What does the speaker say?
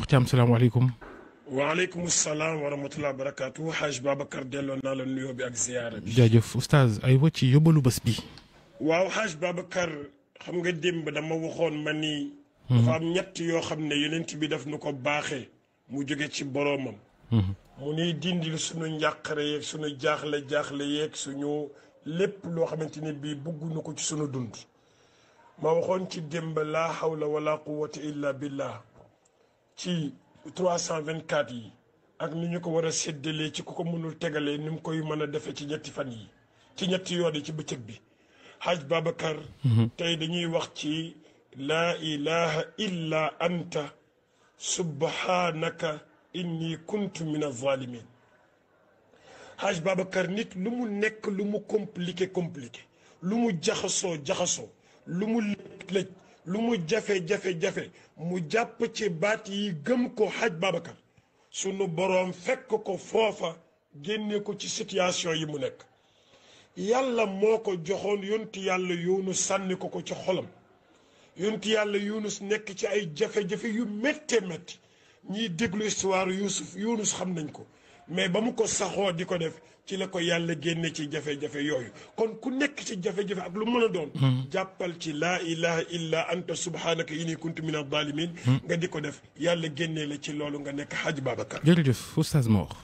waxtu am salaamaaleykum. waaleykum salaam wa rahmatulah barakaatu Haj Babacar delloo naa la nuyoo bi ak ziyaara bi. jaajëf oustaz aywa ci yóbbalu bés bi. waaw Haj Babacar xam nga démb dama waxoon ma ni. dafa am ñett yoo xam ne yonent bi daf nu ko baaxee mu jóge ci boroomam. mu nuy dindil suñu njàqare yeeg suñu jaaxle jaaxle yeeg suñu lépp loo xamante ni bii bëgguñu ko ci suñu dund. ma waxoon ci démb laa hawla wala quwwata illa billah ci cent vingt 324 yi ak ni ñu ko war a séddalee ci ku ko mënul tegale ni mu koy mën a defee ci ñetti fan yi ci ñetti yoon yi ci bëccëg bi Hadj Babacar mhm. tey dañuy wax ci laa ilaha illa anta subhanaka inni kuntu min azalimin Hadj Babacar nit lu mu nekk lu mu compliqué compliqué lu mu jaxasoo jaxasoo lu mu lëj lëj lu mu jafe-jafe-jafe mu jàpp ci baat yi gëm ko xaj Babacar sunu boroom fekk ko foofa génne ko ci situation yi mu nekk yàlla moo ko joxoon yonti yàlla yunus sànni ko ko ci xolam yonti yàlla yunus nekk ci ay jafe-jafe yu métte métti ñiy déglu histoire yusuf yunus xam nañ ko mais ba mu ko saxoo di ko def ci la ko yàlla génne ci jafe-jafe yooyu kon ku nekk ci jafe-jafe ak lu mën a doon hmm. jàppal ci laa ilaha illa anta subhanaka ini kuntu min adh-dhalimin hmm. nga di ko def yàlla génne la ci loolu nga nekk Hadj Babacar jërëjëf Oustaz Mor